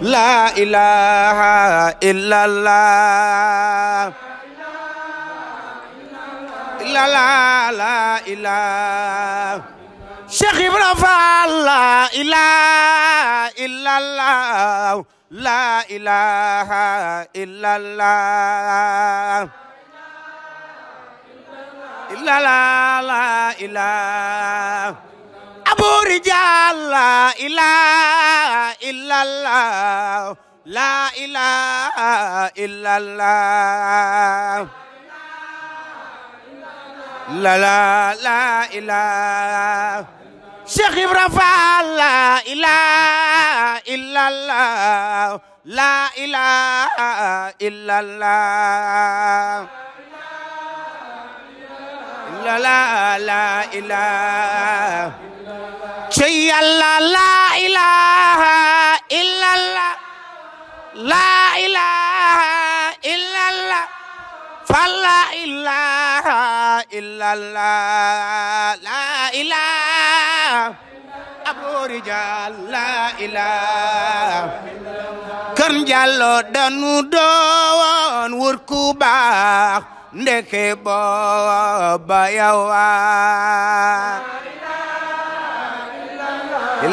لا إله إلا الله لا لا لا إله شيخ إبراهيم لا إله إلا الله لا إله إلا الله لا لا لا إله buur Yàlla ilaaha illallah la ilaha illallah la la la ilaha Cheikh Ibra Fall la ilaha illallah la ilaha illallah la la la ilaha cey yàlla laa ilaha illallah laa ilaha illallah fala ilaha illallah laa abu rijal laa ilaha kan jàllo danu doon wër ku baax ndeke booba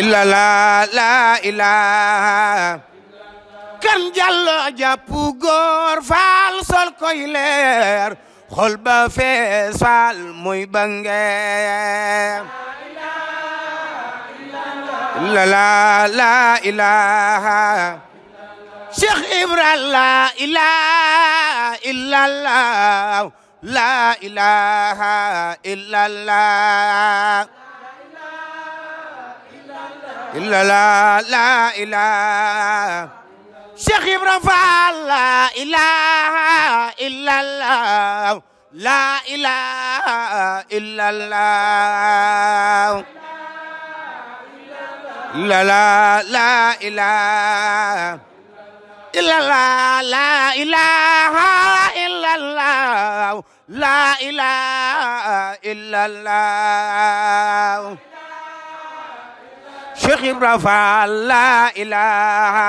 illa la la ilaha kan jàllo jàpp góor faal sol koy leer xol ba fees faal muy bange illa la la ilaha cheikh ibra la ilaha إلا لا لا إله شيخ إبراهيم لا إله إلا الله لا إله إلا الله لا لا لا إله إلا الله لا إله إلا الله لا إله إلا الله Cheikh Ibra Faal laa ilaaha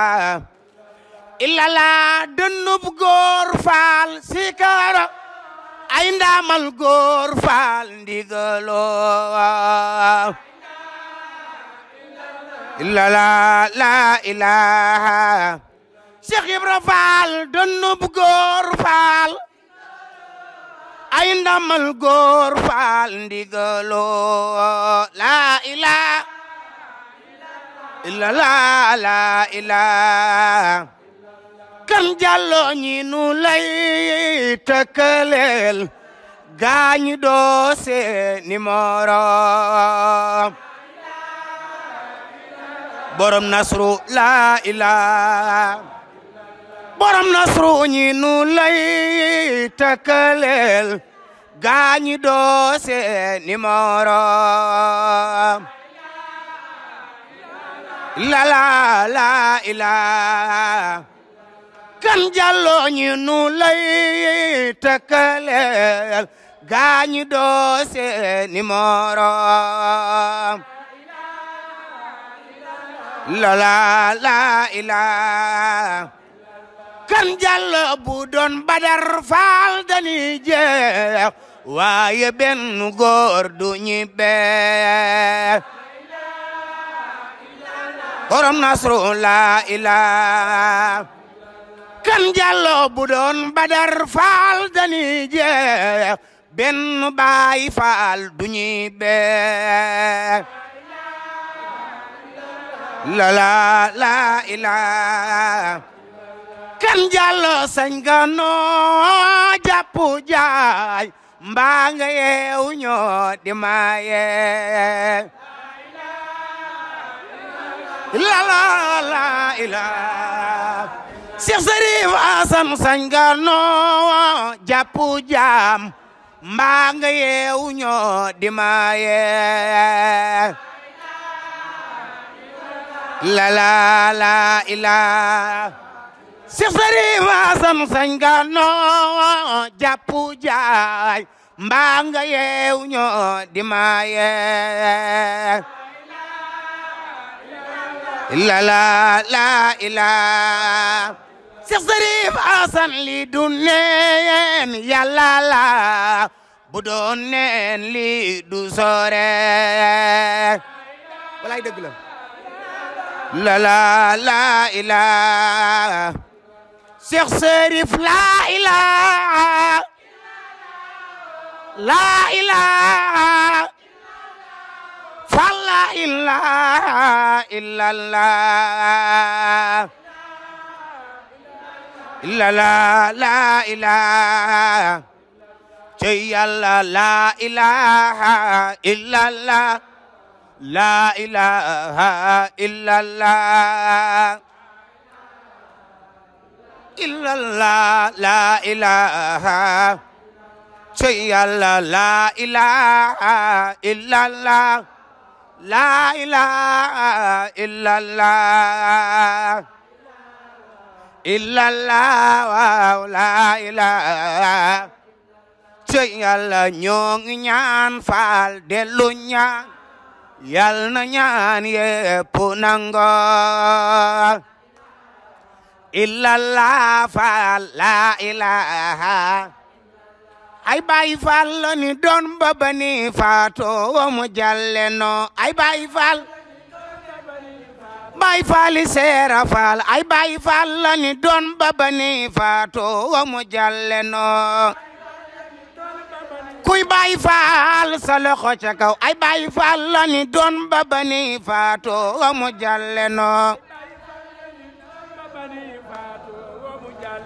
illa laa dënnub góor faal sikara ay ndaamal góor faal ndigaloo illa laa laa ilaaha Cheikh Ibra Faal dënnub góor faal ay ndaamal góor faal ndigaloo laa ilaaha illa la la kan jàlloo ñi nu lay tëkkaleel gaañi doo nasru la illa doo seeni moroom la la la ila kan jàlloo ñi nu lay tëkkaleel gaañi doo seeni moroom la la la ila kan bu doon badar faal dani waaye benn góor du bee borom nasru laa ilaa kan jàlloo bu doon badar faal dañuy jeex baay faal duñuy beex laa laa ilaa kan jàlloo sañ ga noo jàppu jaay mbaa yeewu ñoo di maa la la la ilaa Cheikh Sérif Assane sañ nga noo jaam mbaa yeewu ñoo di ma yee ilaa Cheikh Sérif Assane sañ nga noo jaay mbaa yeewu ñoo di إلا لا لا إلا شيخ ظريف حسن لي دونين لا بدونين لي دو يدق ولاي لا لا لا إلا شيخ ظريف لا إلا لا إلا فلا إله إلا الله إلا لا لا إله جي الله لا إله إلا الله لا إله إلا الله إلا الله لا إله جي الله لا إله إلا الله لا إله إلا الله إلا الله لا إله ci Yàlla ñoo ngi ñaan faal dellu ñaan Yàlla na ñaan yépp nango إلا faal la ilaha ay baay faal la ni doon ba bani faatoo wa mu jalleno ay baay faal baay faal baay faal la ni doon ba bani faatoo wa mu jalleno kuy baay faal sa loxo ca kaw ay baay faal la ni doon ba bani faatoo wa mu jalleno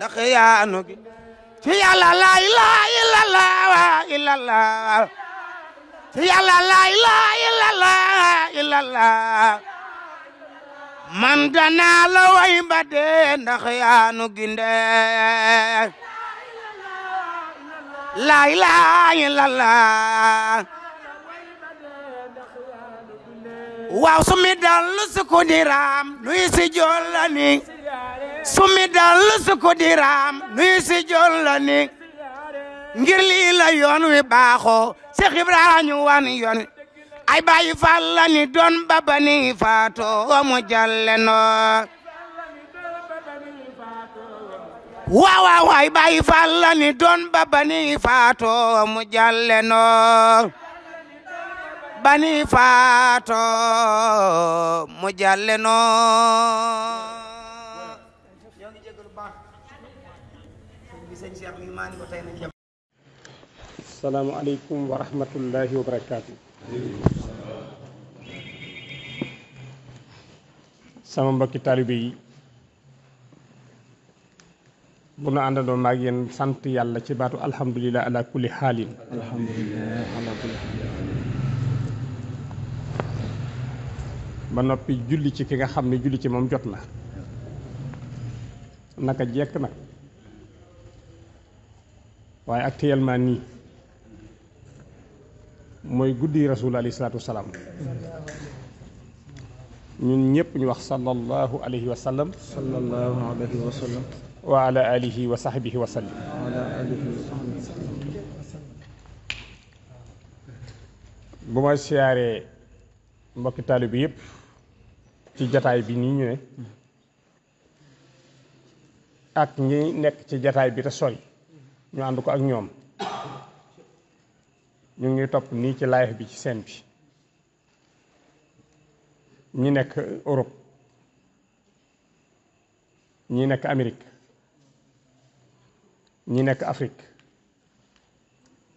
ndax yaa nu gi ci yàlla laa ilaaha illallah illallah ci yàlla laa ilaaha illallah illallah man danaa la way ba dee ndax yaa nu ginde laa ilaaha illallah waaw sumi dal lu sukku ni raam nuy si jollani summi dal suku diraam nuy si joon ni ngir lii la yoon wi baaxoo Seex Ibra ñu wan yoon ay bàyyi faal la ni doon baba ni faatoo faatoo mu jalle noo bani faatoo mu jalle noo Assalamualaikum warahmatullahi wabarakatuh. tey nañ jàpp salaamaaleykum wa rahmatullahi wa barakaatu sama mbokki taalibe yi bu nu àndandoo maag yéen sant yàlla ci ala kulli halin ba noppi julli ci ki nga xam julli ci moom waye actuellement nii mooy guddi rasul alayhi salaatu wasalaam ñun ñëpp ñu wax sallallahu alayhi wa sallam sallallahu alayhi wa sallam wa ala alihi wa sahbihi wa sallam bu ma siaré mbokk talib yëpp ci jotaay bi ni ñu ak ñi nekk ci jotaay bi ta sori ñu ànd ko ak ñoom ñu ngi topp nii ci live bi ci seen bi ñi nekk Europe ñi nekk Amérique ñi nekk Afrique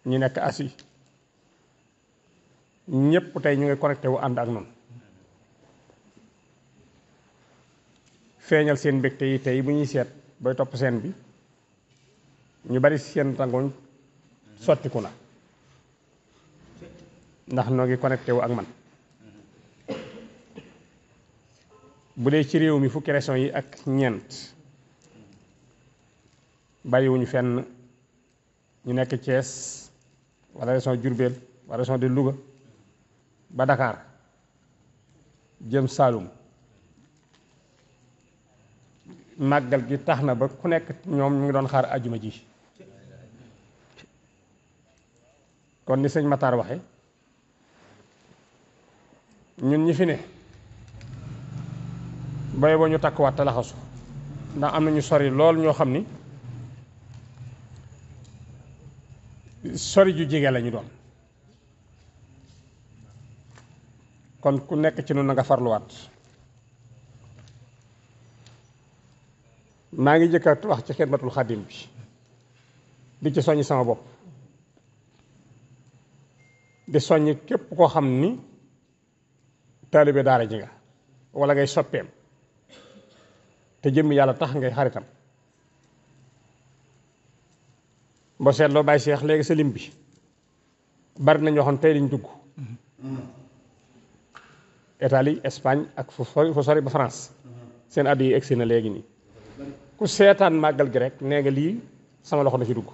ñu nekk Asie ñépp tey ñu ngi connecté wu ànd ak noonu feeñal seen mbégte yi tey bu ñuy seet bay topp seen bi ñu bari seen rangoñ sottiku na ndax no ngi connecté wu ak man bu dee ci réew mi fukki région yi ak bari wuñu fenn ñu nekk Thiès wala région jurbel wala région de Louga ba Dakar jëm Saalum magal gi taxna ba ku nekk ñom ñu ngi doon xaar aljuma ji kon ni sëñ Matar waxe ñun ñi fi ne bay bo ñu wat la xasu ndax am na ñu sori lool ño xamni ni sori ju jige lañu doon kon ku nekk ci nun nga farlu wat maa ngi wax ci xidmatul xadim bi di ci sama bopp di soññ képp koo xam ni taalibe daara ji nga wala ngay soppeem te jëmmi yàlla tax ngay xaritam boo seetloo bàyyi seex léegi sa lim bi bari na ñoo xam tey liñ dugg Italie Espagne ak fu sori fu sori ba France seen addu yi egsi na léegi nii ku seetaan màggal gi rek nee nga lii sama loxo na ci dugg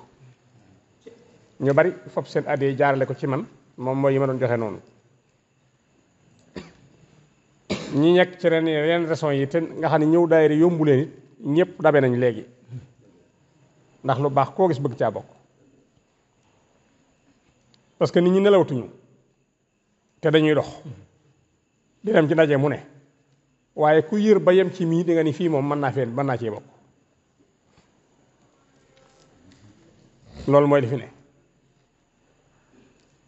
ñu bari fop seen addu yi jaarale ko ci man mom moy yima don joxe non ñi ñek ci ren yeneen raison yi te nga xani ñew daayira yombu leen it ñëpp dabe nañ légui ndax lu bax ko gis bëgg ci bokk parce que nit ñi ñu te dañuy dox di dem ci dajé mu ne waye ku yir ba yem ci mi di nga ni fi mom man na fen mën na ci bokk lol moy li ne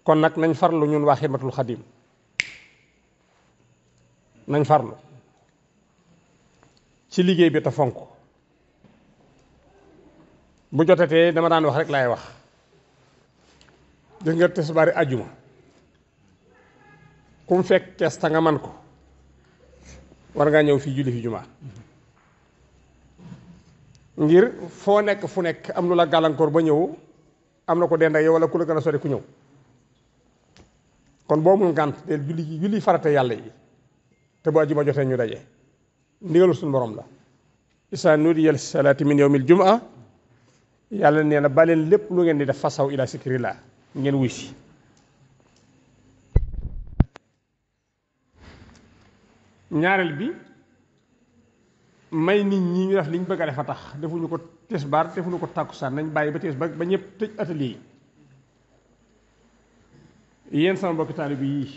kon nak nañ farlu ñun wa khidmatul khadim nañ farlu ci liggey bi ta fonk bu jotate dama daan wax rek lay wax de nga tisbaari ajjuma ku mu fekk ta nga man ko war nga ñew fi julli fi juma ngir fo nek fu nek am lu la galankor ba ñew am na ko denda yow wala ku la gëna sori ku ñew kon boo mun ngànt del julli julli farata yalla yi te bu àjjuma jotee ñu dajé ndigalu suñu borom la isa nuri yal salati min yawmil jum'a yalla neena na lepp lu ngeen di def fasaw ila sikrillah ngeen wuy si ñaareel bi may nit ñi ñu def liñ bëgg defa tax defuñu ko tesbar defuñu ko takusan nañ bayyi ba ba ñepp tej atelier yéen sama mbokki taalibe yii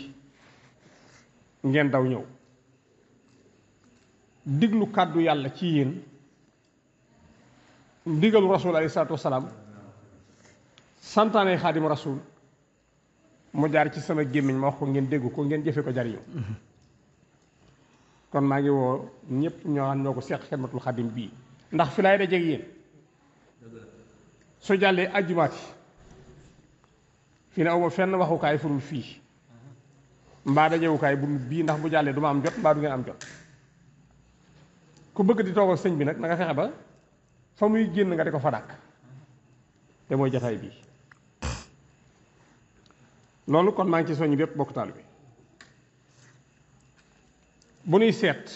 ngeen daw ñëw diglu kàddu yàlla ci yéen ndigalu rasul alayhi salaatu wasalaam santaane xaadim rasul mu jaar ci sama gémmiñ ma wax ko ngeen dégg ko ngeen jëfe ko jariñu kon maa ngi woo ñëpp ñoo xam ñoo ko seq xidmatul xaadim bii ndax fi laay dajeeg yéen su jàllee ajumaat fi ne aw fenn waxukaay furul fii mbaa dajewukaay bu bii ndax bu jàllee du ma am jot mbaa du ngeen am jot ku bëgg di toogal sëñ bi nag na nga fexe ba fa muy génn nga di ko fa dàkk te mooy jataay bii loolu kon maa ngi ci soññ bépp bokk taal bi bu nuy seet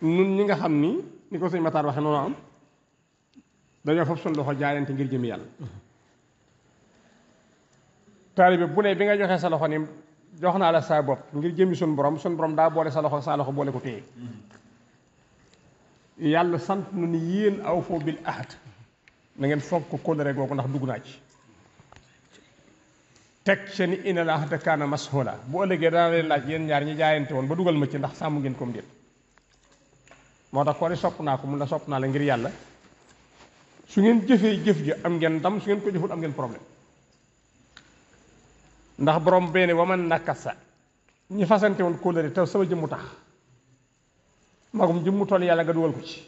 nun ñi nga xam ni ni ko sëñ Matar waxe noonu am dañoo fab suñu loxo jaayante ngir jëm yàlla talibé bu né bi nga joxé sa loxo ni jox naa la sa bop ngir jëmi sun borom sun borom da boole sa loxo sa loxo boole ko téye yalla sant nu ni yeen aw fo bil ahd na ngeen fokk ko dere googu ndax dugg naa ci tek chen inal ahd kana mashula bu ëllëgee dana leen laaj yeen ñaar ñi jaayante won ba duggal ma ci ndax sàmm ngeen ko mbir motax ko ni sopp naa ko mu la sopp la ngir yalla su ngeen jëfé jëf ji am ngeen ndam su ngeen ko jëfut am ngeen problème ndax borom bene wa man nakasa ñi fasante woon kóllëre te sama jëmmu tax magum jëmmu toll yàlla nga duwal ko ci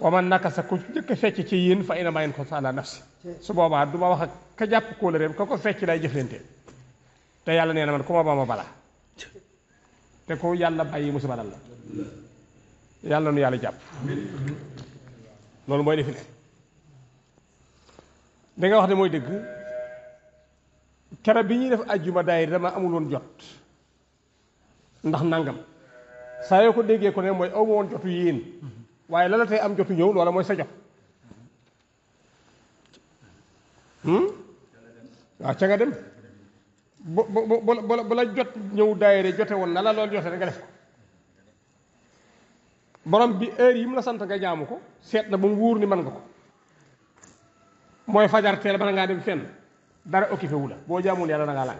wa man nakasa ku njëkk fecc ci yéen fa ina mayen ko sa ala nafsi su boobaa du ma wax ak ka jàpp kóllëreem ka ko fecc lay jëflante te yàlla nee na man ku ma ba ma bala te ko yàlla bàyyi musiba dal la yàlla nu yàlla jàpp loolu mooy defi ne da wax ne mooy dëgg kere bi ñuy def ajjuma daayira dama amul woon jot ndax nangam saa yoo ko déggee ko ne mooy aw ma woon jotu yéen waaye la tey am jotu ñëw loola mooy sa jot hmm? waaw ca nga dem bu bu bu la jot ñëw daayira jote woon na la loolu jote nga bi heure yi mu la sant nga jaamu ko seet na ba mu wóor ni man nga ko mooy fajar teel bala ngaa dem fenn dara occupé wu la boo jaamul yàlla nga lang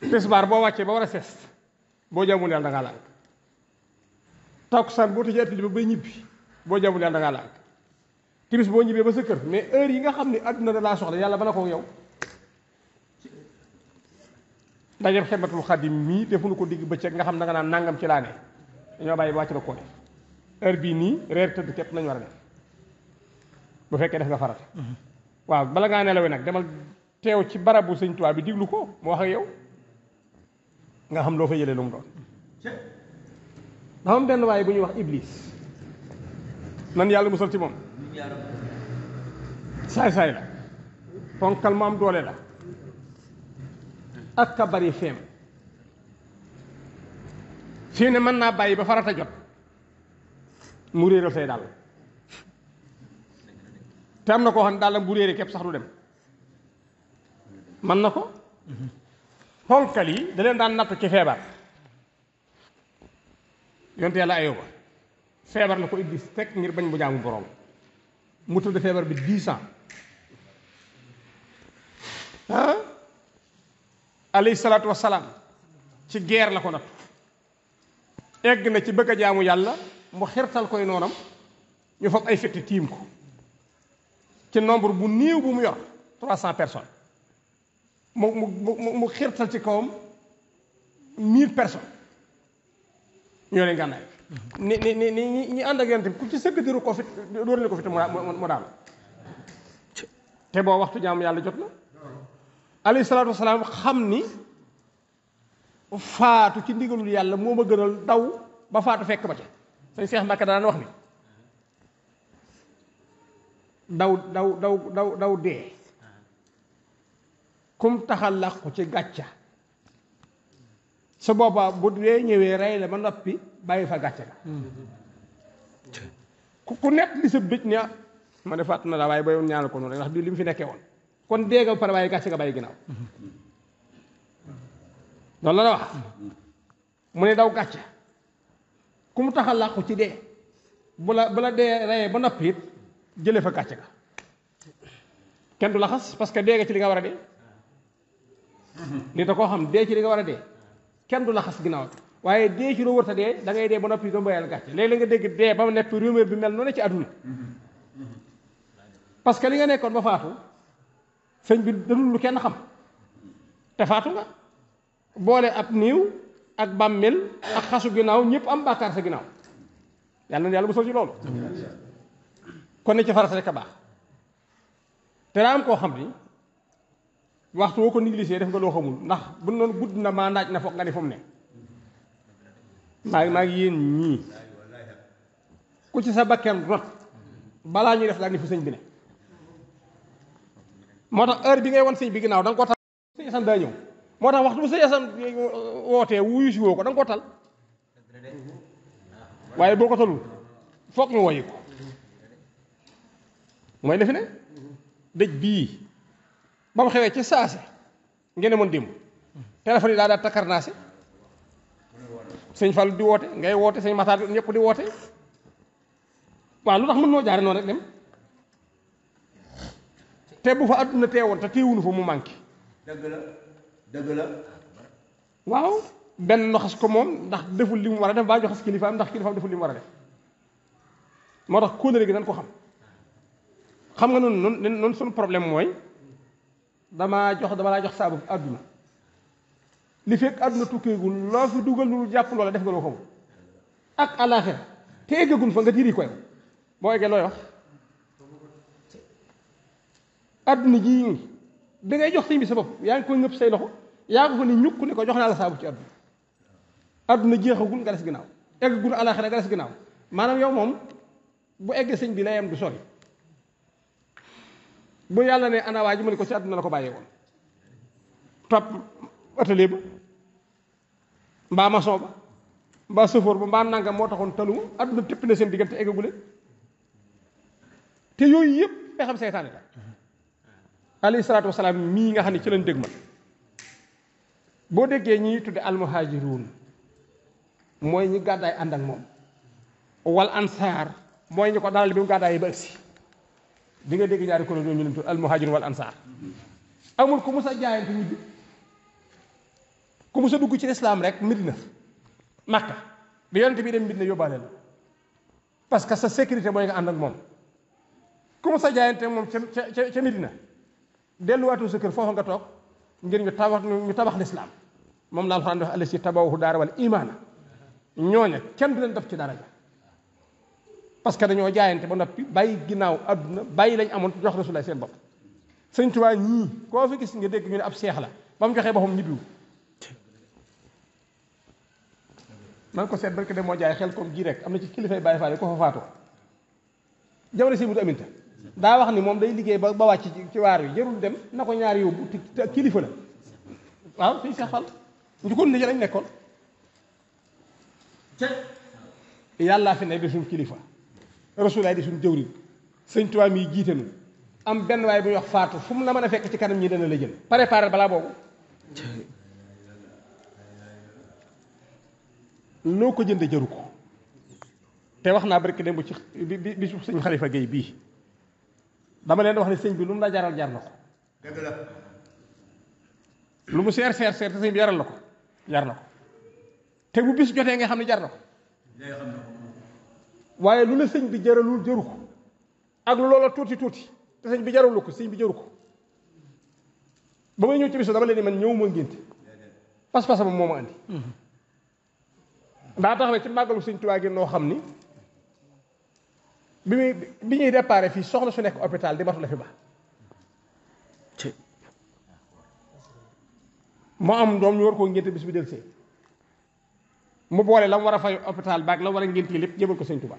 tes mm-hmm. bar bo wacce ba wara ses bo jamul yalla yàlla da ngaa làng takkusaan boo tëjee atelier ba ñibi bo jamul yalla yàlla da ngaa làng timis bo ñibé ba sa kër mais heure yi nga xamni aduna adduna da laa soxla yàlla bala ko yow ndaje xematul xadim mii defuñu ko digg becc nga xam na nga na nangam ci laane ne dañoo ba ba def heure bi ni reer tëdd kep nañ wara def bu fekke def nga farata mm-hmm. waaw bala ngaa nelawee nag demal teew ci barabu sëñ Tuubaa bi diglu ko mu wax ak yow nga xam loo fa yëlee lu doon dafa am benn waaye bu ñuy wax iblis man yàlla musal ci moom saay-saay la fonkal mu am doole la ak ka bari feem fii ne mën naa bàyyi ba farata jot mu réeral say daal te na koo xam ne dàllam bu réere képp sax du dem man na ko ponkal yi da leen daan natt ci feebar yonte yàlla ayoo feebar na ko iblis teg ngir bañ bu jaamu borom mu tëdd feebar bi dix ans ah salaatu wasalaam ci guerre la ko natt egg na ci bëgg a jaamu yàlla mu xirtal koy noonam ñu fab ay fitti tiim ko ci nombre bu néew bu mu yor trois cent personnes mu mu mu mu xirtal ci kawam mille personnes ñoo leen gànnaay ni ni ni ni ñi ànd ak yonent ku ci sëgg diru ko fit dóor leen ko fit mu daal te boo waxtu jaamu yàlla jot na alayhi salaatu wasalaam xam ni faatu ci ndigalul yàlla moo ma gënal daw ba faatu fekk ba ca sëñ Seex Mbàkke daan wax ni daw daw daw daw daw dee kum taxal làqu ci gàcca su boobaa bu dee ñëwee rey ba noppi bàyyi fa gàcca ku ku nekk li sa bëj ne ma ne fàtt na la waaye ba yoon ñaanal ko a ndax di li mu fi nekkee woon kon dee nga pare waaye gàcca nga bàyyi ginnaaw loolu la la wax mu ne daw gàcca kum taxal làqu ci dee bu la bu la dee reyee ba noppi it jëlee fa gàcce ga kenn du laxas xas parce que dee nga ci li nga war a dee nit a koo xam dee ci li nga war a dee kenn du la xas ginnaaw waaye dee ci loo wërta dee da dee ba noppi doo mbayal gàcce léeg-léeg nga dégg dee ba mu nekk rumeur bi mel noonu ci que li nekkoon ba faatu sëñ bi dadul lu kenn xam te faatu nga boole ab niiw ak bàmmeel ak xasu ginnaaw ñëpp am bàkkaar sa ginnaaw yàlla na yàlla bu sol ci loolu kon ne ci faras rek baax té ram ko koo xam ni waxtu woko ko négligé def nga lo xamul ndax bu noonu gudd na ma naaj na foog nga ne fu ne ma ngi yeen ngi ku ci sa bakkan rot bala ñu def la ni fu señ bi ne motax heure bi ngay won señ bi ginaaw dang ko tal señ sam da ñew motax waxtu bu señ sam wootee wuyu si woko dang ko tal waye boko talul foog nga mooy defe ne dëj bii ba mu xewee ci saase ngeen a mën démb téléphone yi daa daal takkar naa si sëñ Fallou di woote ngay woote sëñ Matar ñëpp di woote waaw lu tax mën noo jaare noonu rek dem te bu fa àdduna teewoon te teewunu fa mu manqué. dëgg la waaw benn noxas ko moom ndax deful li mu war a def baa joxas kilifaam ndax kilifaam deful li mu war a def moo tax kóolare gi nan ko xam. xam nga noonu noonu noonu suñu problème mooy damaa jox dama laa jox saabu àdduna li fekk àdduna tukkeegul loo fi dugal lu jàpp loola def nga loo xamul ak àllaaxira te eggagul fa nga tiri koy boo eggee looy wax ji ngi da ngay jox sëñ bi sa bopp yaa ngi koy ngëpp say loxo yaa ko ko ni ñukk ne ko jox naa la saabu ci àdduna àdduna jeexagul nga des ginnaaw eggagul àllaaxira nga des maanaam yow moom bu eggee sëñ bi layam du sori bu yàlla ne ana waa ji ma ko ci àdduna la ko bàyyee woon topp atelier ba mbaa maçon ba mbaa chauffeur ba mbaa nangam moo taxoon taluma àdduna tépp na seen diggante eggagule te yooyu yëpp pexam seytaane la alayhi salaatu mii nga xam ne ci lañ dégg ma boo déggee ñi tudde almuhaajiruun mooy ñi gàddaay ànd ak moom wal ansaar mooy ñi ko dalal bi mu gàddaay ba ëgsi di nga dégg ñaari kuréel ñoom ñu leen tudd al muhajir wal ansaar amul ku mus a jaayante mujj ku mus a dugg ci lislaam rek Medina Makka bi yonent bi dem Medina yóbbaale la parce que sa sécurité mooy nga ànd ak moom ku mus a jaayante moom ca ca ca Medina delluwaatoo sa kër foofa nga toog ngir ñu tabax ñu tabax lislaam moom la Alxuraan wax allasi tabawuhu daara wal imaana ñooña kenn du leen def ci dara ja parce que dañoo jaayante ba noppi bàyyi ginnaaw àdduna bàyyi lañ amoon jox Rasulullah seen bopp sëñ Tuubaa ñii koo fi gis nga dégg ñu ne ab seex la ba mu joxee boppam ñibbiwu man ko seet barke de moo jaay xel comme ji rek am na ci kilifay Baay Faal yi ko fa faatoo jamono si mu aminta daa wax ni moom day liggéey ba ba wàcc ci waar yi jarul dem na ko ñaari yóbbu te kilifa la waaw suñ seexal njukkoon ni lañ nekkoon yàllaa fi ne di suñ rasulaay di suñu jëwriñ sëñ Tuubaa mi jiite nu am benn waay bu ñuy wax faatu fu mu la mën a fekk ci kanam ñi dana la jël préparé balaa boobu loo ko jënde jëru ko te wax naa barki bu ci bi bi su sëñ Xalifa Gay bii dama leen wax ne sëñ bi lu mu la jaral jar na ko dëgg la lu mu seer seer seer te sëñ bi jaral na ko jar na te bu bis jotee nga xam ne jar na ko waaye lu la sëñ bi jaralul jaru ko ak lu loola tuuti tuuti te sëñ bi jarul ko sëñ bi jaru ko ba may ñëw ci bisu dama leen ni man ñëwuma ngénte pas-pasam moo ma andi ndaa mm-hmm. na ci màggalu sëñ Tuubaa noo xam ni bi muy bi ñuy déparé fii soxla su nekk hôpital di matu la fi ba moo am doom ñu war koo ngénte bis bi del see mu boole la mu war a fay hôpital baag la war a ngénti lépp jébal ko sëñ Tuubaa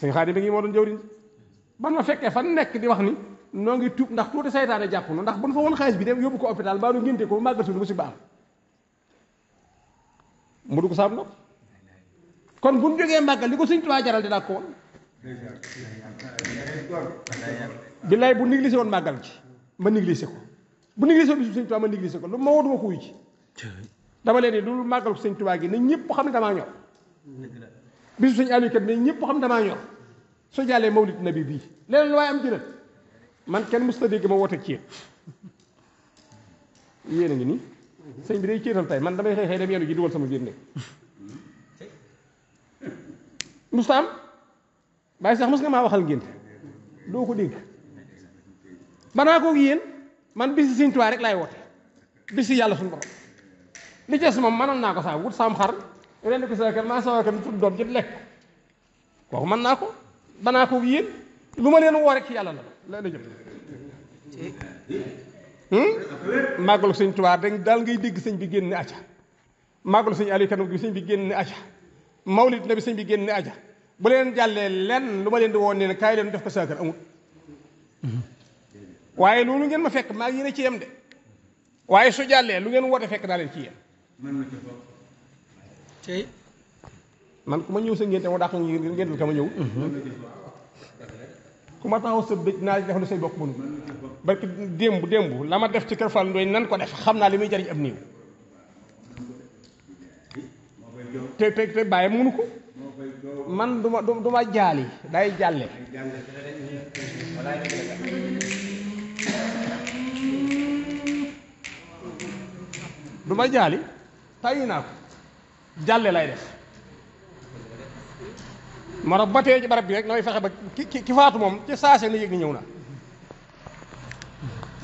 sëñ Xaadim bi ngi moo doon jëwriñ ban ma fekkee fan nekk di wax ni noon ngi tuub ndax tuuti saytaane jàpp nu ndax bu nu fa woon xaalis bi dem yóbbu ko hôpital mbaa du ngénte ko màggal suñu musiba am saam nopp bu ñu jógee màggal li ko sëñ Tuubaa jaral dinaa ko woon bu négligé woon màggal ci ma négligé ko bu négligé woon bi sëñ Tuubaa ma négligé ko lu ma woo ko wuy ci dama leen ne dul màggal sëñ Tuubaa gi ne ñëpp xam ne damaa ñor bisu sëñ Aliou kat ne ñëpp xam ne damaa ñor soo jàllee mawlid na bii leneen lu waaye am dina man kenn mës na dégg ma woote ci yéen ngi nii sëñ bi day céetal tey man damay xëy xëy dem yenu sama biir nekk mës bàyyi sax mës maa waxal ngénte doo ko dégg banaa koog yéen man bisi sëñ Tuubaa rek laay woote bisi yàlla suñu borom li des moom mënoon naa ko saa wut saam xar ren ko saa kër maa saa kër tudd doom ji lekk kooku mën naa ko banaa ko yéen lu ma leen woo rek ci yàlla la la la jëm hmm? màggalu sëñ Tuubaa dañ daal ngay dégg sëñ bi génn aca màggalu sëñ Aliou Kanam sëñ bi génn aca mawlid nabi sëñ bi génn aca bu leen jàllee lenn lu ma leen di woon ne kaay leen def ko saa kër amul waaye loolu ngeen ma fekk maa ngi yéen ci yem de waaye su jàllee lu ngeen woote fekk naa leen ci yem mën na tey man ku ma ñëw sa ngénte ma dàq ñu ngéntal ka ma ñëw. ku ma taxaw sa dëj naa def na say bokk mënu barki démb démb la ma def ci kër Fall Ndoye nan ko def xam naa li muy jariñ ab néew. te te te bàyyi day jàlle. du ma jaali. tàyyi naa ko jàlle lay def moo tax ba tey barab bi rek nooy fexe ba ki ki faatu moom ci saase na yëg ni ñëw na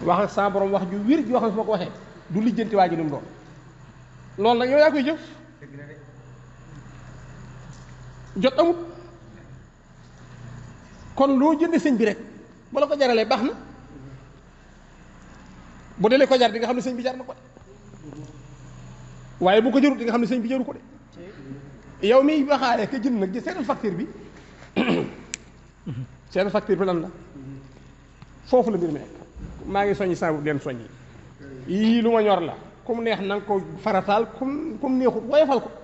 wax ak sa borom wax ju wér ju wax na su ko waxee du lijjanti waa ji lu mu doon loolu nag yow yaa koy jëf jot amut kon loo jënd sëñ bi rek bu la ko jaralee baax na bu delee ko jar di nga xam ne sëñ bi jar na ko waaye bu ko jëru di nga xam ne sëñ bi jëru ko de yow miy waxaale ka jënd nag di seetal facture bi seetal facture bi lan la foofu la mbir maa ngi soññi saabu leen soññi yii lu ma ñor la kum neex na ko farataal kum kum neexut woyofal ko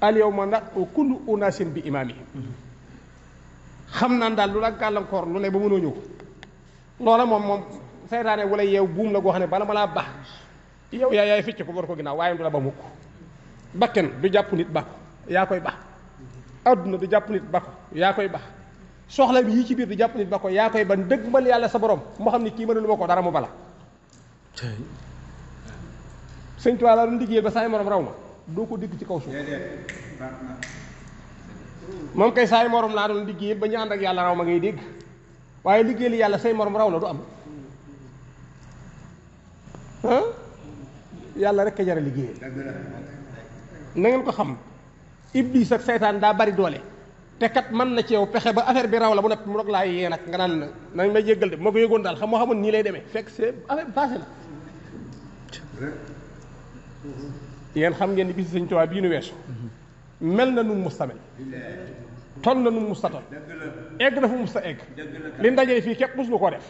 al ma nad'u kullu unaasin bi imaamihim xam naan daal lu la gàllankoor lu ne ba mënoo ñëw loola moom moom seytaane wala yeew buum la goo xam ne bala ma laa baax yow yaa yaay fecc ko war ko ginnaaw waaye du la ba mukk bakken du jàpp nit ba yaa koy bax àdduna du jàpp nit ba ko yaa koy bax soxla bi yii ci biir du jàpp nit ba ko yaa koy ban dëgg yàlla sa borom xam ne kii mënul ma ko dara mu bala sëñ Tuubaa la ba saay raw ma doo ko dégg ci kaw suuf moom kay saay morom laa doon liggéeyal ba ñu ànd ak yàlla raw ma ngay dégg waaye liggéeyal yàlla say morom raw la du am yàlla rek a jar a liggéeyee ko xam iblis ak seytaan daa bari doole te kat mën na ci yow pexe ba affaire bi raw la bu noppi mu doog laa yee nag nga naan nañ ma jéggal de bu ma ko yëgoon daal xam moo xamoon nii lay demee fekk c'est affaire bi passé na xam ngeen ni bis sëñ Tuubaa bii nu weesu mel na nu musta mel toll na nu musta toll egg na fu musta egg li ndajee fii képp mos nu koo def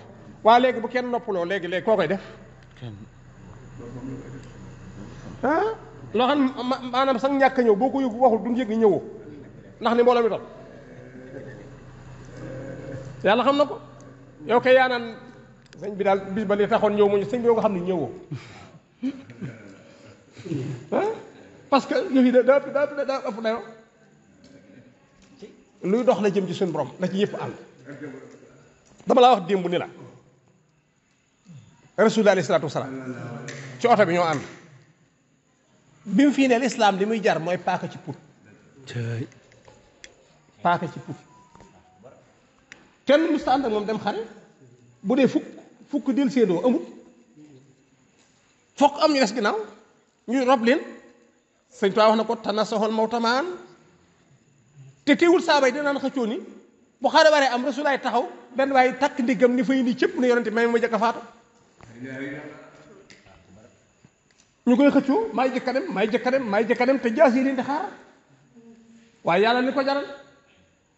waa léegi bu kenn noppaloo léegi léegi koo koy def ah loo xam maanaam sax ñàkk ñëw boo ko yëg waxul duñ yëg ni ñëwoo ndax ni mbooloo mi toll yàlla xam na ko yow kay yaa naan sëñ bi daal bis ba li taxoon ñëw mu ñu sëñ bi nga xam ne ñëwoo ah parce que yëf yi da da da da ëpp dayoo luy dox la jëm ci suñu borom da ci yëpp ànd dama laa wax démb ni la rasul alayhi salaatu wasalaam ci oto bi ñoo ànd bi mu fii ne islaam li muy jar mooy paaka ci put paaka ci put kenn musta ànd ak moom dem xare bu dee fukk fukk del séedoo amut fokk am ñu des ginnaaw ñu rob leen sëñ Tuubaa wax na ko tana soxol mawtamaan te teewul saabay dinaan xëccoo ni bu xare waree am rasulaay taxaw benn waaye takk ndiggam ni fay ni cëpp ne yonente may ma jëkk faatu ñu koy xëccoo maay jëkka dem maay jëkka dem maay jëkka dem te jaas yi leen di xaar ko jaral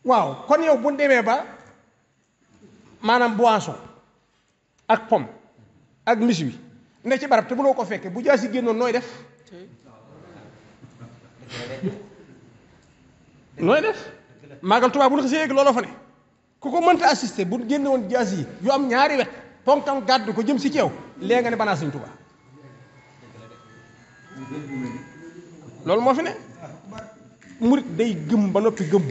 waaw kon yow bu demee ba maanaam boisson ak pomme ak mis wi ci barab te bu loo ko fekkee bu jaas yi génnoon nooy def nooy def maagal tubaab bu ñu xasee yëg looloo fa ne ku ko mënta assister bu génne woon jaas yi yu am ñaari wet ponkam gàddu ko jëm si ceew léegi nga ne banaa loolu moo fi ne murit day gëm ba noppi gëm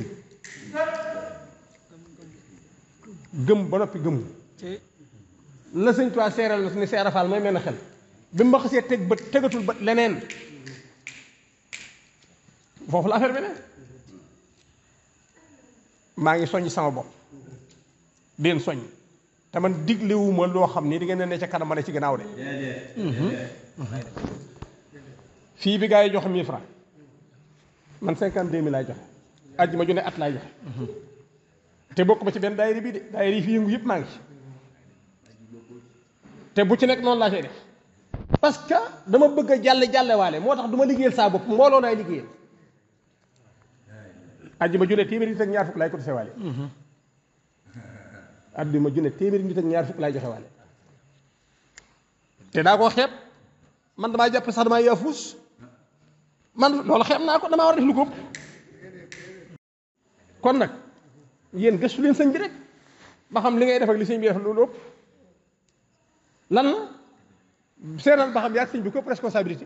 gëm ba noppi gëm la sëñ Tuubaa seeral la ni seera mooy mel na xel bi mu teg bët tegatul bët leneen foofu la affaire bi ne maa ngi soññ sama bopp deen soññ te man diglewuma loo xam ni di ngeen ne ne ca kanam ma ne ci gannaaw de mhm. fii bi gaa yi joxe 1000 francs man cinquante deux mille laay joxe ajju ma junne at laay joxe te bokk ma ci benn daayiri bii de daayiri yi fi yëngu yëpp maa ngi te bu ci nekk noonu laa koy def parce que dama bëgg a jàlle jàlle waale moo tax duma ma saa bopp mbooloo laay liggéeyal ajju ma junne téeméeri nit ak ñaar fukk laay ko dese waale ajju ma junne téeméeri nit ak ñaar fukk laay joxe waale te daa koo xeeb man damaa jàpp sax damaa yaafuus man loolu xam naa ko damaa war a def lu ko kon nag yéen gëstu leen sëñ bi rek ba li ngay def li sëñ bi def loolu ëpp lan la seetal ba yaa sëñ bi ko responsabilité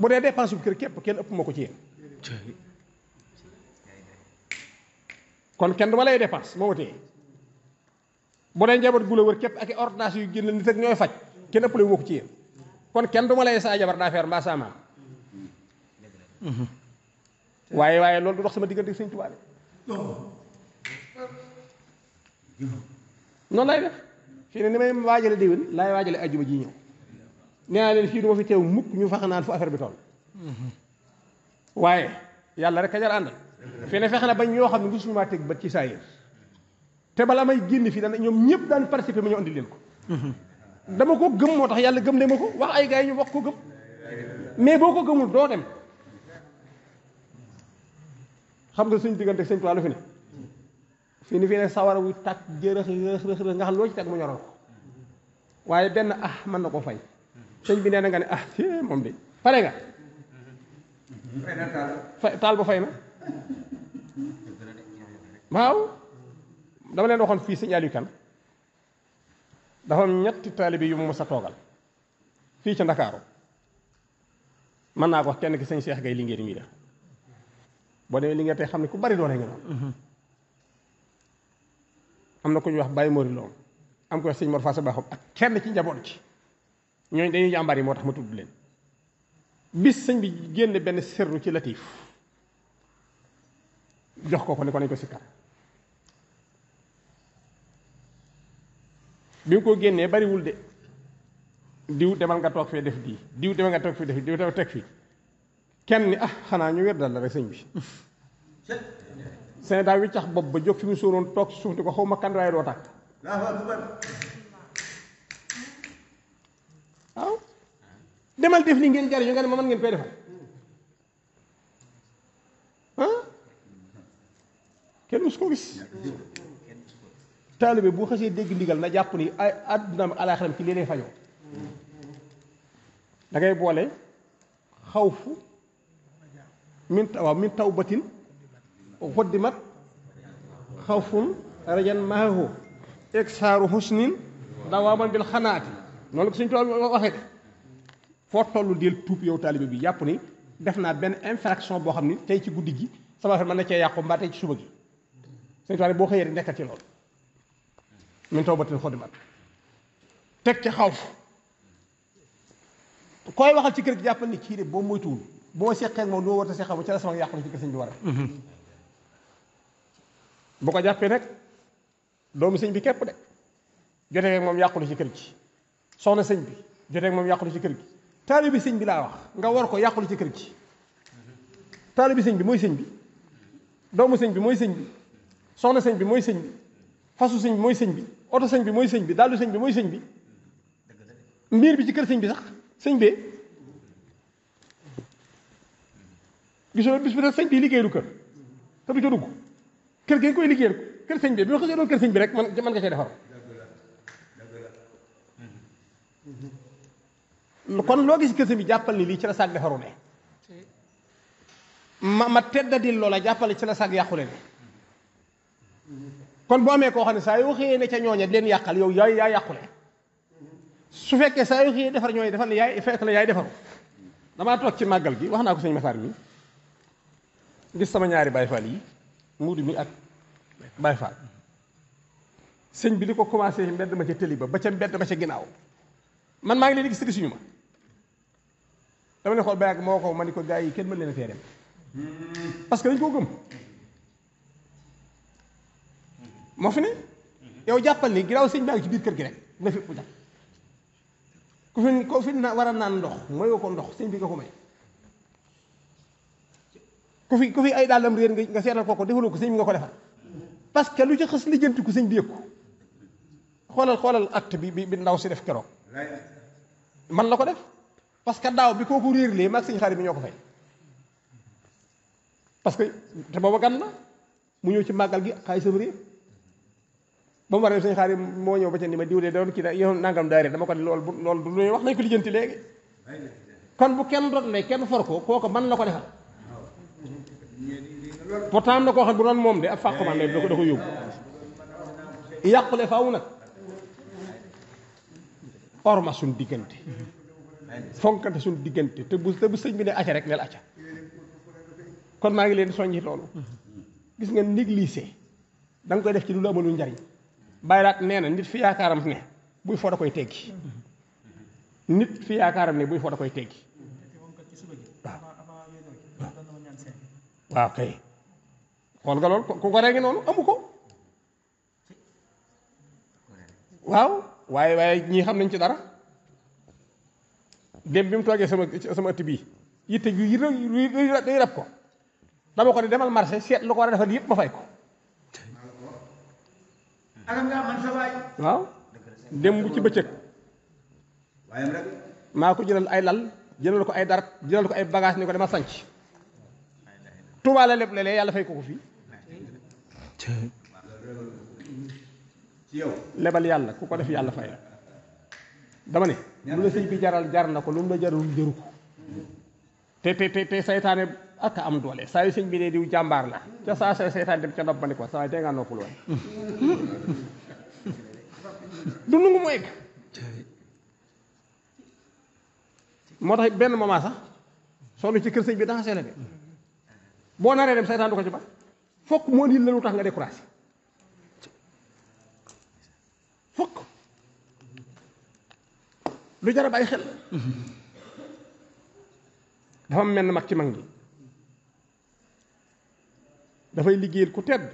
bu dee dépense bu kër képp kenn ëpp ma ko ci kenn du ma lay dépense moo ma téye bu dee njaboot gu wër képp ak i yu génn nit ak ñooy faj kenn ëpp lay woo ko ci yéen kon kenn du ma lay saa jabar daa feer mbaa Mm-hmm. waaye waaye loolu du dox sama diggante sëñ Tuubaa noonu lay def fii ne ni may waajale déwén laay waajale ajjuma ji ñëw nee naa leen fii du fi teew mukk ñu fax naan fu affaire bi tool mm-hmm. waaye yàlla rek a ànd àndal fii ne fexe na bañ ñoo xam ne mosuñu maa teg ba ci saa yéen te bala may génn fii daan ñoom ñëpp daan participer ma ñëw andi leen ko mm-hmm. dama ko gëm moo tax yàlla gëm le ma ko wax ay gaa yi ñu wax ko gëm mais boo ko gëmul doo dem xam nga suñu digënté sëñ plan lu fi ne fi ni fi sawara wu tak jërëx rëx rëx nga xal lo ci tak mu ñoro waye ben ah man nako fay sëñ bi neena nga ne ah fii mom de paré nga taal ba fay na waaw dama leen waxon fi sëñ Aliou kan dafa am ñetti yu mu sa togal fi ci Ndakaaru man na ko wax kenn ki sëñ Cheikh gay li ngeen mi def boo demee li nga xam ne ku bari doole nga doon mhm. am na ku ñuy wax Baye Mori Loom am ko wax sëñ Mor Faasa ak kenn ci njaboot ci ñooñu dañuy jàmbaar yi moo tax ma tudd leen bis sëñ bi génne benn sirru ci latif jox ko ko ne ko nañ ko sikkar bi nga ko génnee bariwul de diw demal nga toog fee def di diw demal nga toog fee def diw demal teg fii kenn ni ah xanaa ñu weddal la rek sëñ bi sëñ daa wiccax bopp ba jóg fi mu sóoroon toog suuf di ko xaw ma kan waaye doo tàkk waaw demal def li ngeen jariñu nga ne ma mën ngeen koy defal kenn mus ko gis taalibe bu xasee dégg ndigal na jàpp ni ay àddunaam alaaxiram ci lii lay fajoo da ngay boole xawfu من من توبة قدمت خوف رجا ما هو إكسار حسن دواما بالخناة نقول سنت الله فطلو ديال توب يو طالب بي يابني دفنا بين انفاكسيون بو خامني تاي سي غوديغي سما فما نتا ياكو مبا تاي سوبغي سنت الله بو خير نكاتي لول من توبة قدمت تك خوف كوي واخا سي كريك كيري بو boo seqee moom loo war a seqee moom ca la sama yàqu ci kër sëñ bi war bu ko jàppee nag doomu sëñ bi képp de jotee moom yàqu ci kër gi soxna sëñ bi jotee moom yàqu ci kër gi taalibi sëñ bi laa wax nga war ko yàqu ci kër gi taalibi sëñ bi mooy sëñ bi doomu sëñ bi mooy sëñ bi soxna sëñ bi mooy sëñ bi fasu sëñ mooy sëñ bi oto sëñ bi mooy sëñ bi daalu sëñ bi mooy sëñ bi mbiir bi ci kër sëñ bi sax sëñ bee gisoo bis bi nag sëñ bi liggéey lu kër te du ca dugg kër gi nga koy liggéeyal kër sëñ bi bi ma xasee doon kër sëñ bi rek man mën nga cay kon loo gis kër bi jàppal ni lii ci la saag defaru ne ma ma teddadil loola jàppale ci la saag yàqule ne kon boo amee koo xam ne saa yoo xëyee ne ca ñooña di leen yàqal yow yaay yaa yàqule su fekkee saa yoo xëyee defar ñooñu defal ne yaay fekk la yaay defaru damaa toog ci màggal gi wax naa ko sëñ Massar mi gis sama ñaari Baye Fall yi muudu mi ak Baye Fall sëñ bi li ko commencé mbedd ma ca tëli ba ba ca mbedd ma ca ginnaaw man maa ngi leen di gis gisuñu ma dama ne xool ba yàgg moo ko ma ni ko gars kenn mën leen a fee dem parce que dañ koo gëm moo fi ne yow jàppal ni ginnaaw sëñ baa ngi ci biir kër gi rek na fi ku fi ko fi na war naan ndox mooy ko ndox sëñ bi nga ko may ku fi ku fi ay dàllam réer nga seetal kooku defaloo ko sëñ bi nga ko defal parce que lu ci xës lijjanti ko sëñ bi yëg ko xoolal xoolal acte bi bi ndaw si def keroog man la ko def parce que daaw bi kooku réer lee maag sëñ bi ñoo ko fay parce que te booba gan la mu ñëw ci màggal gi xaay sëb réer ba mu waree sëñ xaar yi moo ñëw ba ca ni ma diwlee doon kii da yow nangam daari dama ko ne loolu bu loolu du wax nañ ko lijjanti léegi kon bu kenn rot ne kenn ko kooku man la ko defal pourtant am na koo xam bu moom de ab fàq man da ko da ko yóbbu yàqule faaw nag orma suñ diggante fonkante suñ diggante te bu te bu sëñ bi ne acca rek nel acca kon maa ngi leen soññi loolu gis nga négligé da nga koy def ci lu la amalul njariñ bàyyi laat nee na nit fi yaakaaram ne buy foo koy teggi nit fi yaakaaram ne buy foo koy teggi waaw kay Kalau nga loolu ku ko regi noonu amu ko waaw waaye waaye ñii xam nañ ci dara dem bi mu toogee sama sama tibi. bii yitte giro yi day kok. ko dama ko malam demal marché seet lu ko war a defal yëpp ma fay ko waaw dem bu ci bëccëg maa ko jëlal ay lal jëlal ko ay darab jëlal ko ay bagage ni ko dama sanc Touba la lépp yàlla fay ko ko fii lebal yàlla ku ko def yàlla fay dama ne lu la sëñ bi jaral jar na ko lu mu la jarul jëru ko te te te te ak am doole saa yu sëñ bi ne diw jàmbaar la ca saa say saytaane dem ca nopp ba ko saa yi dee ngaa noppul woon du nungu mu egg moo tax benn moment sax sonn ci kër sëñ bi dansee la de boo naree dem saytaan ko ci ba fokk moo nii la lu tax nga découragé fokk lu jar ay xel dafa mel ni mag ci mag ñi dafay liggéeyal ku tedd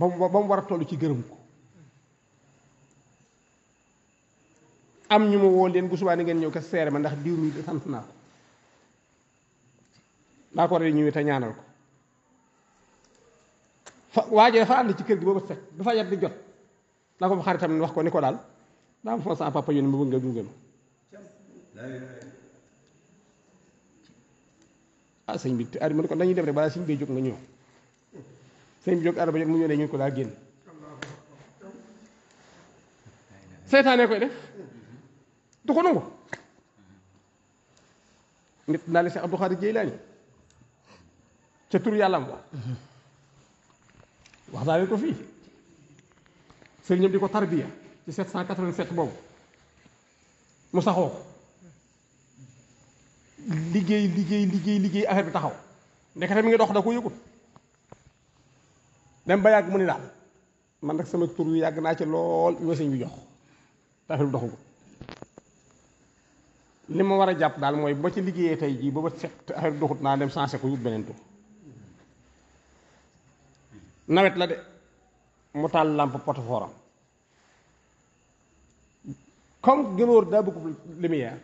ba mu ba mu war a toll ci gërëm ko am ñu ma woo leen bu subaa ni ngeen ñëw ko seere ma ndax diw mi sant naa ko da ko war a ta ñaanal ko fa waajo dafa ànd ci kër gi ba bët set du fa yatt di jot da ko xaritam wax ko ni ko daal daa am foofu sama papa ñu mu bëgg nga gunge ma ah bi te ari ma ko dañuy dem rek balaa señ bi jóg nga ñëw señ bi jóg araba jóg mu ñëw ne ñu ko daa génn seytaane koy def du ko nangu nit naa li Seex Abdu Xaadir ca tur yàlla am wax daane ko fii sëriñam di ko tarbiya ci 787 boobu mu saxoo ko liggéey liggéey liggéey liggéey bi taxaw ndekete mi ngi dox da ko yëgut dem ba yàgg mu ni daal man nag sama tur yu yàgg naa ci lool yu sëñ bi jox te affaire bi doxagul li ma a mooy bu ci liggéeyee tey jii ba ba set affaire bi doxut naa dem sensé ko yut beneen tur nawet la de mu taal làmp poto foram comme gunóor daa bëgg lumière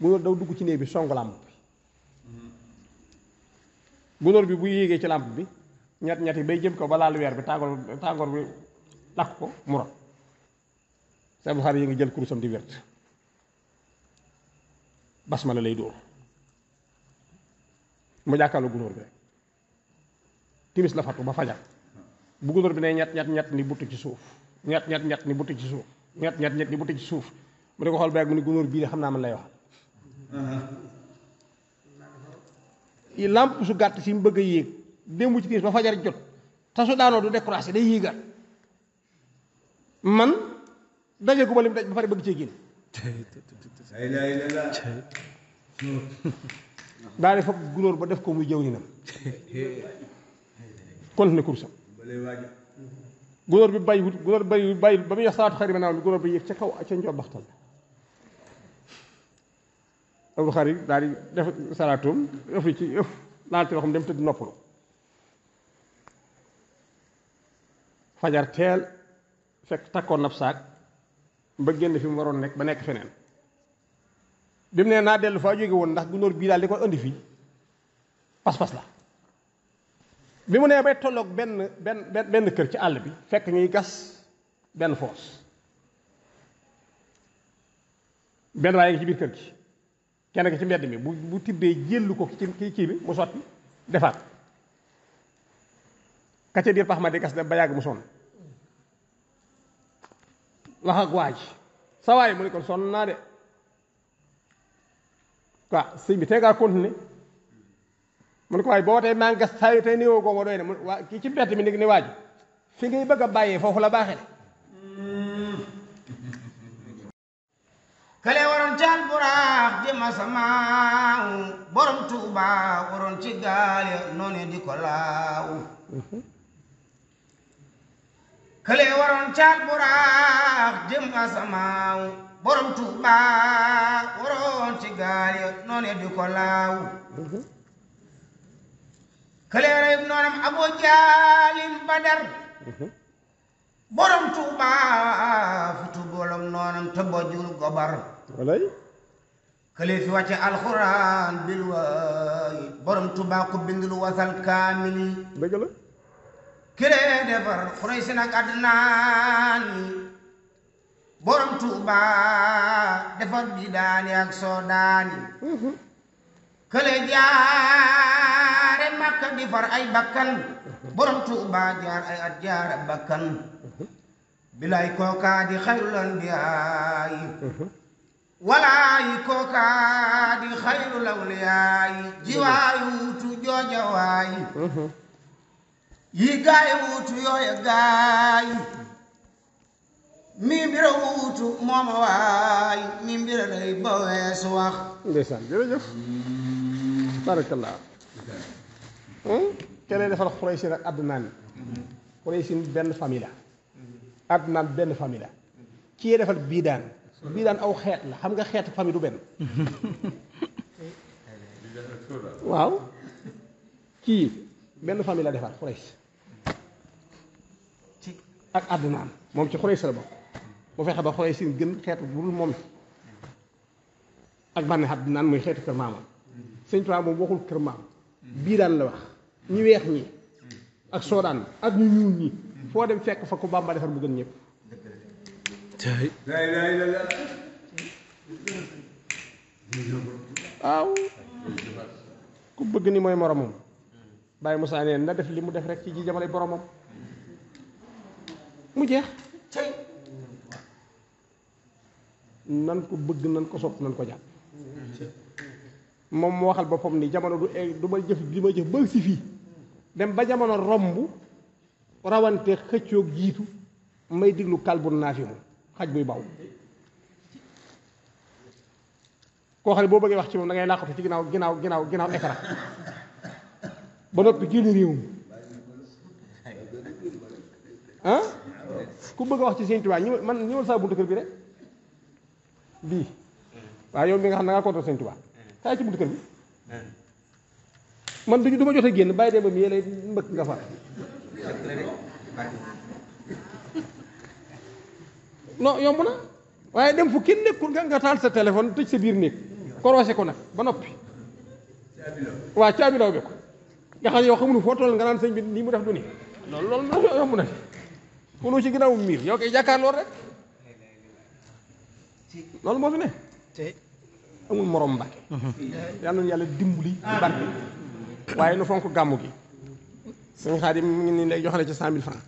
mu do dugg ci néeg bi song lamp bi gunóor bi bu yégué ci lamp bi ñat ñati bay jëm ko ba laal wër bi tagor tagor bi lak ko mu sa bu xar yi nga jël kurusam di wërt basmala lay dóor mu jakkalu gunóor bi rek timis la fatu ba fajar bu gunóor bi ne ñat ñett ñett ni butti ci suuf ñett ñett ñett ni butti ci suuf ñett ñett ñett ni butti ci suuf mu ne ko xool beeg mu ne gunóor bii de xam naa man lay waxal làmp su gàtt si mu bëgg a yéeg démb ci timis ba fajar jot te su daanoo du découragé day yéegaat man daje gu ma daj ba pare bëgg cee génn daane fab gunóor ba def ko muy jëw ni nam continué kursam gunóor bi bàyyiwut gunóor bi bàyyiwut ba mu yax saatu xari bi yëg ca kaw ca njoor baxtal Abu Xari daal di def salaatum ëf li ci ëf laal ci loo xam dem tëdd noppalu fajar teel fekk takkoon nab saak ba génn fi mu waroon nekk ba nekk feneen bi mu nee naa dellu faa jóge woon ndax gunóor bii daal li ko indi fii pas-pas la bi mu nee bay tolloog benn benn benn kër ci àll bi fekk ñuy gas benn foos benn waaye ngi ci biir kër gi kenn ki ci mbedd mi bu bu tibbee jëllu ko ci kii kii bi mu sotti defaat ka ca pax ma di gas dem ba yàgg mu sonn wax waaj waa sa waay mu ne kon sonn naa de waaw sëñ bi tey ngaa continuer mun ko waaye boo tey maa ngi gas saa yu tey néewoo googu doy na ci mbett mi ni waaju fi ngay bëgg a bàyyee foofu la baaxee kële waroon caal buraax di masamaaw borom tuuba waroon ci gaal ya noonu di di ko laaw kële ibn Anam abo Jalim badar mhm. borom tuba futu borom nonam te bojul gobar walay kële fi wàcce alxuraan bil way borom tuba ko bindul wasal kaamili dëgg kere defar quraysh nak adnan borom tuba defar bidani ak sodani mhm. kële jaare makka di far ay bakkan borom tuuba jaar ay at jaare bakkan bilay kooka di xayrul anbiyaay walaay kooka di jooja waay yi gaay wuutu yooya gaay mi mbira wuutu mooma waay mi mbira day ba weesu بارك الله كلي دفر قريش ادنان قريش بن فاميلا ادنان بن فاميلا كي دفر بيدان بيدان او خيت لا خمغا خيت فامي دو بن واو كي بن فاميلا دفر قريش ak adnan mom ci quraysh la bok bu fexé ba quraysh gën xéet bu dul mom ak banni adnan muy xéet ko mamam sëñ Tuubaa moom waxul kër maam bii daan la wax ñi weex ñi ak sodan ak ñu ñu ñi fo dem fekk fa ko bamba defar bu gën la aw ku bëgg ni moy moromum Baye musa ne na def limu def rek ci ji boromam mu jeex nan ko bëgg nan ko sopp nan ko jàpp mom mo waxal bopam ni jamono du eh, du ma jëf di ma jëf ba ci fi dem ba jamono rombu rawante xëccoo jiitu may diglu kalbu nafimu xaj buy baw ko xal bo boo wax ci mom da ngay laqatu ci ginaaw ginaaw ginaaw ginaaw ekra ba noppi ci ni mi ah ku bëgg wax ci seigne touba ñëw man ñu sa buntu kër bi rek bi wa yow mi nga xam ne da ngaa contre Sëñ Tuubaa kaay ci buntu kër bi eh. man duñu du ma jot a génn bàyyi dem ba mi lay mbëkk nga fa non yomb na waaye dem fu kenn nekkul nga nga taal sa téléphone tëj sa biir néeg korosé ko nag ba noppi waaw caabi law bi ko nga xam ne yow xamul foo toll nga naan sëñ bi nii mu def du ni loolu loolu yomb na xuloo ci ginnaaw miir yow kay jàkkaarloo rek loolu moo fi ne amul morom mbàkke yàlla nañu yalla dimbali ci barke waye nu fonku gamu gi sëñ xaadim mu ngi ni lay joxale ci 100000 francs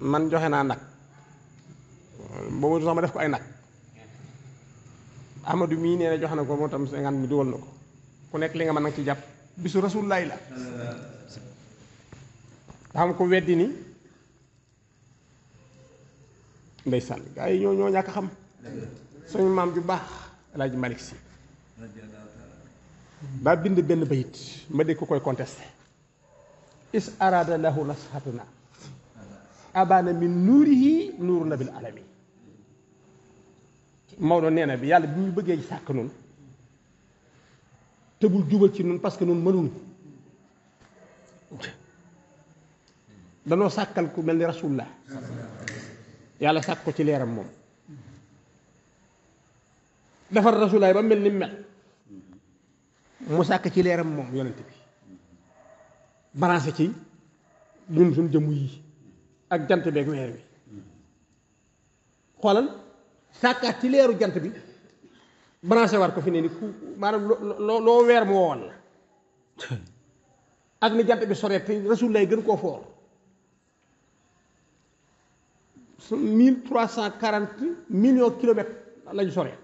man joxe na nak bo mo sama def ko ay nak Amadou mi neena na joxe na ko moo tam cinquante mi duwal ku nek li nga man nak ci japp bisu rasulullah la tam ko weddi ni ndeysaan gaa ñoo ñoo xam suñu mam ju bax الحاج مالك سي با بند بن بيت ما دي كوكاي كونتيستي اس اراد له نصحتنا ابانا من نوره نور نبي العالمين مولا نينا بي يالا بيمي بيغي ساك نون تبول جوبل سي نون باسكو نون مانون دانو ساكال كو ملي رسول الله يالا ساكو سي ليرام موم defar rasulaay ba mel ni mel mu sàkk ci leeram moom yonent bi branché ci ñun suñ jëmm yi ak jant beeg weer bi xoolal sàkkaat ci leeru jant bi branché war ko fi ne ni ku maanaam loo loo weer mu woon la ak ni jant bi soree te rasulaay gën koo foor mille trois cent quarante millions kilomètres lañu soree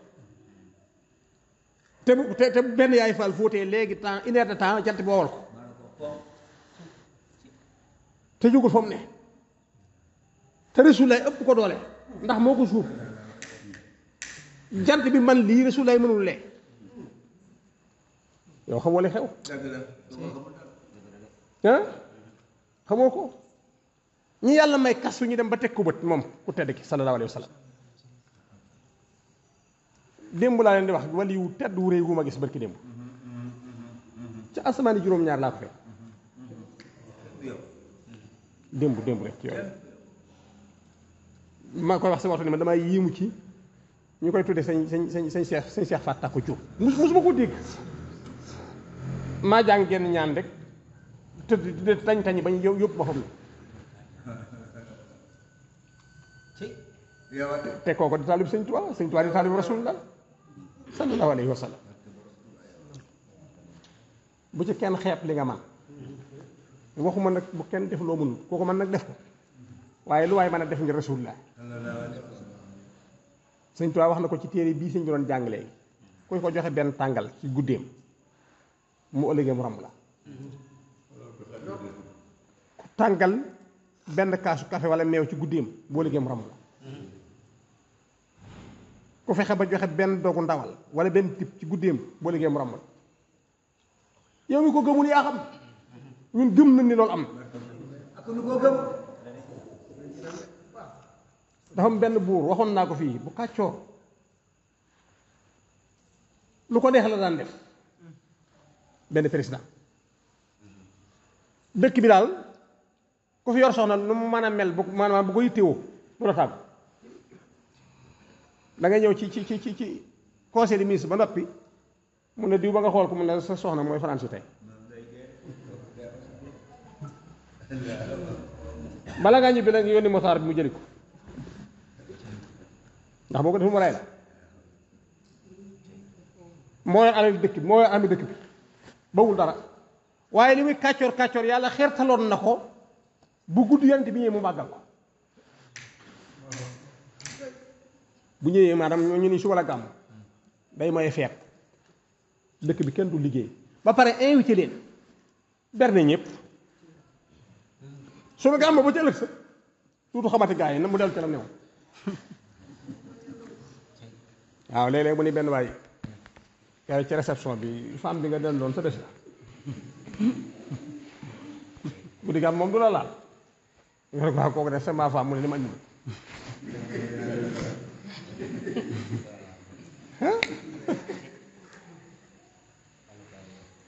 te bu te bu benn yaay faal fóotee léegi temps une heure de temps jant bi wowal ko te jógul fa ne te Rasulaay ëpp ko doole ndax moo ko suuf jant bi man lii Rasulaay mënul le yow xamoo li xew ah xamoo ko ñi yàlla may kasu ñu dem ba teg ko bët moom ku tedd ki sallallahu alayhi wa dembu la len di wax wali yu tedd wu réy gu ma gis barki dembu ci asmani juroom ñaar la ko fekk dembu démb rek ci yow maa koy wax sama waxtu ni ma damaa yimu ci ñu koy tuddé señ señ señ cheikh señ cheikh fatta ko cuub mus musuma ko dégg maa jàng genn ñaan rek tëdd tañ tañ bañ yób yóbbu boppam la te kooko di taalib sëñ Tuubaa sëñ di taalib rasulullah sallallahu alaihi wasallam bu ci kenn xeeb li nga man waxuma nak bu kenn def lo mun koku man nak def ko waye lu way man def ngir rasulullah sëñ Tuubaa wax na ko ci téré bi sëñ bi doon jangalé léegi ko joxe ben tangal ci guddeem mu ëlëgé mu romb la tàngal kaasu café wala meew ci guddeem bo ëllëgee mu romb la ku fexe ba joxe benn doogu ndawal wala benn tib ci guddeem boo liggéey mu ràmmal yow mi ko gëmul yaa xam ñun gëm nañ ni loolu am na dafa benn buur waxoon naa ko fii bu kàccoor lu ko neex la daan def benn président dëkk bi daal ku fi yor soxna nu mu mën a mel bu maanaam bu ko yittewoo du la dangay ñëw ci ci ci ci conseil des ministres ba noppi mun na diw ba nga xool ko mun na sa soxna mooy faransi tey bala ngaa ñibbi nag yónni motaar bi mu jëli ko ndax boo ko defee mu ray la moo yor dëkk bi moo yor dëkk bi bawul dara waaye li muy kàccoor kàccoor yàlla xeertaloon na ko bu gudd yonent bi ñëwee mu màggal ko bu ñëwee maanaam ñu ni suba la gàmm day mooy feet dëkk bi kenn du liggéey ba pare invité leen berne ñëpp suba gàmm ba ci ëllëg sa yi na mu dellu ca la new waaw benn waay yaa ci réception bi femme nga den doon sa des la guddi gàmm moom du la laal nga ne ko waaw kooku def sama femme mu ne ni ma ñu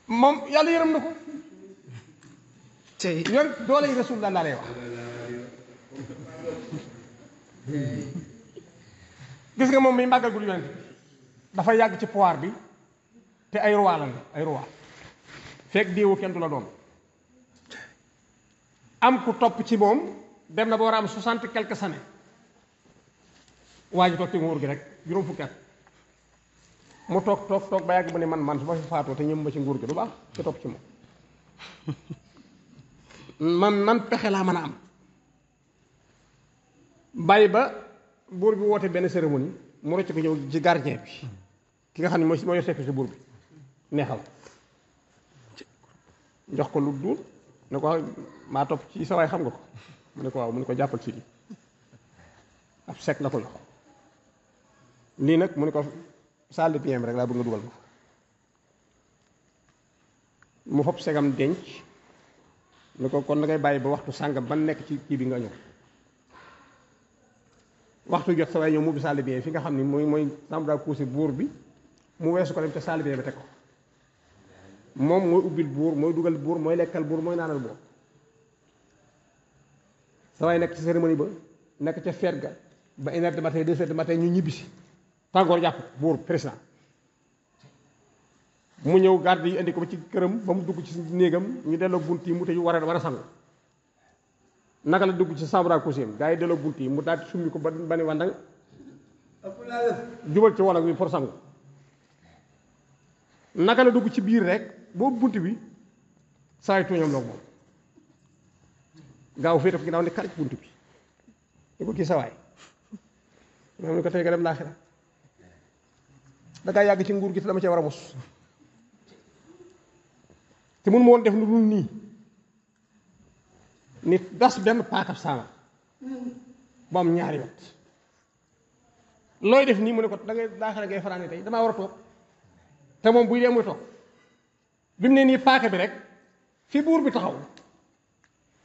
moom yàlla yërëm na ko tey yoon doole yi rasulullah laa lay wax gis nga moom mi màggal gul yonent dafa yàgg ci pouvoir bi te ay roi lan ay roi fekk déewu kenn du la doon am ku topp ci moom dem na ba war a am soixante quelques années waji tok ci nguur gi rek juroom fukki at mu tok tok tok ba yag bu ne man man suma fi faatoo te ñëm ba ci nguur gi du baax ci topp ci mo man nan pexé la mëna am bay ba bur bi woote ben cérémonie mu rocc ko ñëw ci gardien bi ki nga xamni mo mo yoxé ci bur bi neexal jox ko lu dul ne ko ma top ci sa xam nga ko mu ne ko waaw mu ne ko jappal ci ab sec la ko jox lii nag mu ne ko salle rek laa bëgg nga dugal ko mu fopp segam denc ne ko kon da ngay bàyyi ba waxtu sàngam ban nekk ci kii bi nga ñëw waxtu jot sa waay ñëw mu bi salle fi nga xam ni mooy mooy chambre à buur bi mu weesu ko dem te salle ba teg ko moom mooy ubbil buur mooy dugal buur mooy lekkal buur mooy naanal buur sa waay nekk ci cérémonie ba nekk ca feet ga ba une heure de matin deux heures de ñu ñibbisi tagor japp buur président mu ñew garde yi andi ko ci kërëm ba mu dugg ci neegam ñu delloo bunti mu tëju war wara sang sangu naka la dugg ci sabra kusim gaay yi bunti mu daal summi ko bani ba ne jubal ci wala wi for sangu naka la dugg ci biir rek bo bunti bi say tuñam loog moom gaaw féetaf ginnaaw ne kar ci bunti bi ko ki saway maam ko tay nga dem da yàgg ci nguur gi te dama ci war a mos te mun ma woon def lu dul nii nit das benn paakab saama ba am ñaari wet looy def nii mu ne ko da ngay daaxare ngay fanaane tey damaa war a toog te moom buy dee muy toog bi mu ne nii paaka bi rek fi buur bi taxaw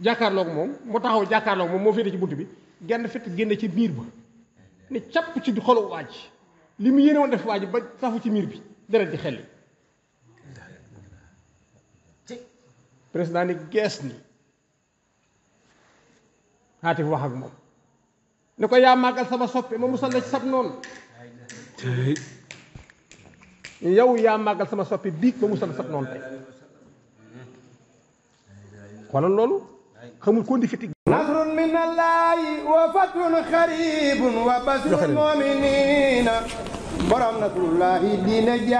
jàkkaarloog moom mu taxaw jàkkaarloog moom moo féete ci bunt bi genn fett génne ci biir ba ne capp ci xolu waaj li mu yéene woon def waa ji ba safu ci miir bi deret ji xel li président ni gees ni xaatif wax ak moom ne ko yaa màggal sama soppe ma musal la ci sab noonu yow yaa màggal sama soppi biig ma musal la sab noonu tey xoolal loolu xamul ko ndi fitig من الله وفتح خريب وبشر المؤمنين برمنا الله دين